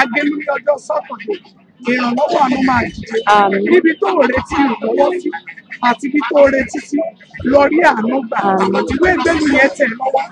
agbẹnulẹ ọjọ́ sátọdẹ ìrànlọ́wọ́ àánú máa dìde níbi tó o retí ìrànlọ́wọ́ sí àti ibi tó o retí sí lọ rí àánú gbà ìwé ìgbẹ́lu yẹn tẹ̀ lọ́wọ́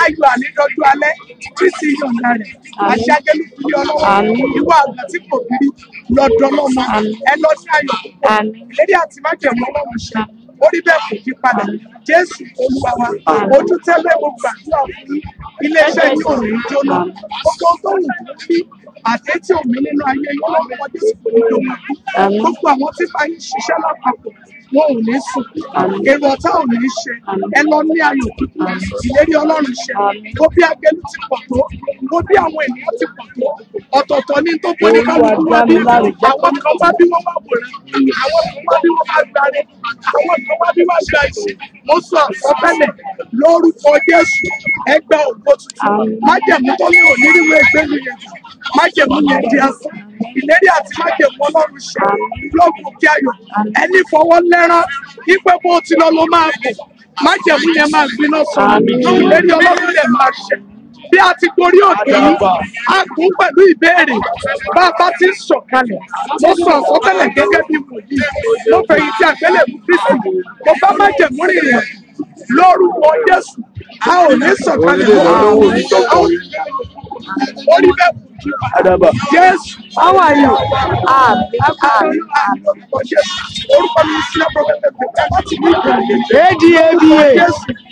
ayọ̀ ànídọ́jú alẹ́ títí yọ̀ǹda rẹ̀ àṣẹ agbẹnulẹ ọlọ́wọ́ ìwọ àgbà tí kò bí lọ́dọ́ lọ́mọ ẹ lọ́dún ayọ̀ púpọ̀ ìlérí àti májẹ̀mú ọlọ́run ṣe orí bẹ́ẹ̀ kò fi padà jésù olúwa wa ojú tẹ́lẹ̀ mo gbàdúrà fún iléeṣẹ́ yìí ò ní jóná gbogbo tó wù kó rí àti etí omi nínú ayé yìí lọ́wọ́ wọn jésù kò ní lòun gbogbo àwọn tí bá yín ṣiṣẹ́ lápapọ̀ wọn ò ní sùn èrò ọ̀tá ò ní ṣe ẹ lọ ní ayọ̀ ìlérí ọlọ́run ṣe kó bí agẹlú ti pọ̀ tó kó bí àwọn ènìyàn ti pọ̀ tó ọ̀tọ̀ọ̀tọ̀ ní tó pé ní kálukú wá bí àwọn kan wá bí wọ́n wá wòran àwọn kan wá bí wọ́n agbára àwọn kan wá bí wá gba ìsìn mo sọ àsọtẹ́lẹ̀ lórúkọ Jésù ẹgbẹ ògbó tuntun májẹ̀mú tó ní onírúurú ẹgbẹ mi yẹn májẹ̀mú yẹn di asán ìlérí àti májẹ̀mú Ọlọ́run ṣe lóògùn kí ayọ̀ ẹni fọwọ́ lẹ́rán wípé bó ti lọ ló máa bọ̀ májẹ̀mú yẹn máa gbiná sọ ìlérí Ọlọ́run yẹn máa ṣẹ bí a ti gorí òkè yìí a kún pẹ̀lú ìbéèrè bá a bá ti sọ̀kalẹ̀ mo sọ àsọtẹ́lẹ̀ gẹ́gẹ́ bí wòlíì mo fẹ̀yìntì àgbélébùú Kristi mo bá má jẹ̀mú rìnrìn àjò lórúkọ Jésù a ò ní sọ̀kalẹ̀ lọ́wọ́ orí bẹ́ẹ̀ Adaba. Yes, how are you? Um, orúkọ mi sílẹ̀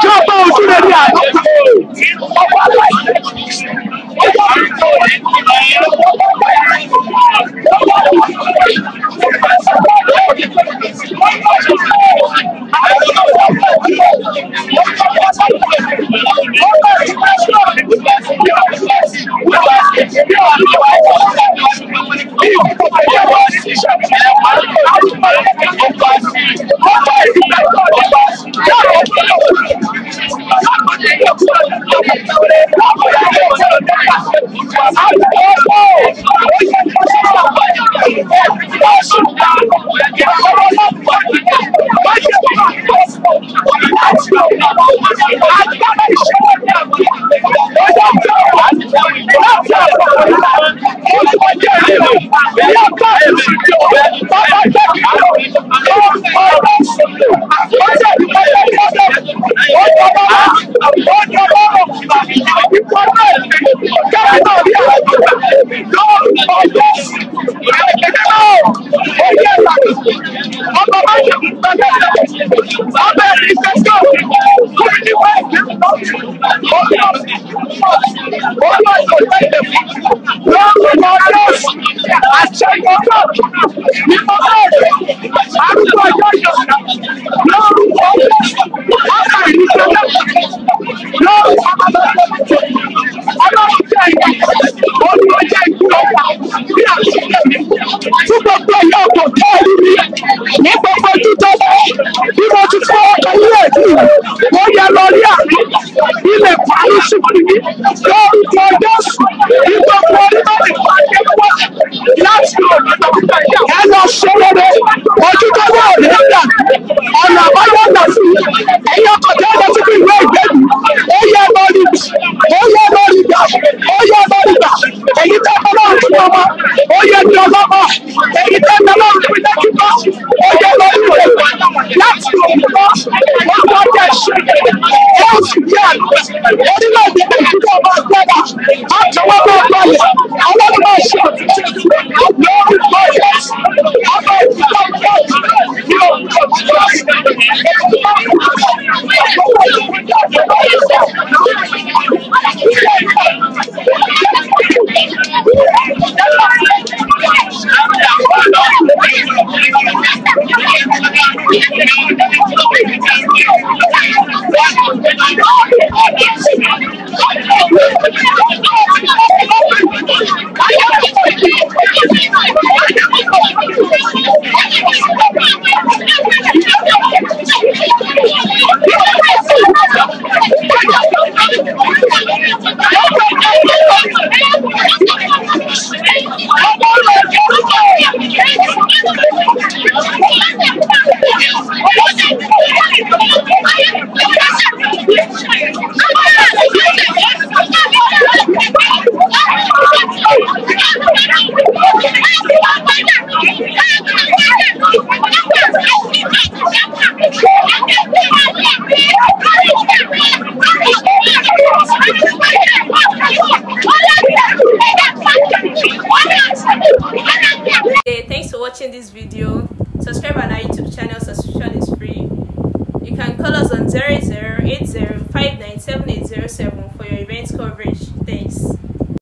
tí o tó ojú Yes ọmọ wa ṣe ìgbàgbọ́ abẹ́ ìṣẹ́jọ́ kúrò ní wá ìgbàgbọ́ ọmọ ìṣòro ẹ̀jẹ̀ lọ́wọ́ lọ lọ́sù àṣẹyọ̀tọ̀ ní ọmọ rẹ̀ àrùkọ yọ̀yọ̀ lọ́rùkọ yọ̀yọ̀. méjèèjì tó yẹ lórí àmì ilẹ̀ parí ṣùgbọ́n mi lórúkọ Jésù nígbà tó ní láti pa ẹgbẹ́ láti ọ̀dọ̀ ẹ lọ sọ́wọ́dẹ ojú tó wà ní ọ̀dà ọ̀nà àbáyọ sí ẹ̀yẹ ọkọ̀jọ́ lọ sí ìwé ìgbẹ́bí ó yẹ lórí ó yẹ lórí gbà ó yẹ lórí gbà èyí tẹ́ ọlọ́run tó ọmọ ó yẹ ní ọlọ́mọ èyí tẹ́ ọlọ́run tó yóò sì bí àná orílẹ̀-èdè nàìjíríà máa gbọ́dọ̀ àjọwọ́ máa balẹ̀ àwọn máa ṣe àtúnṣe. I'm not going to be able to do it. I'm not going to be able to do it. I'm not going to be able to do it. watching this video. Subscribe on our YouTube channel, subscription is free. You can call us on 008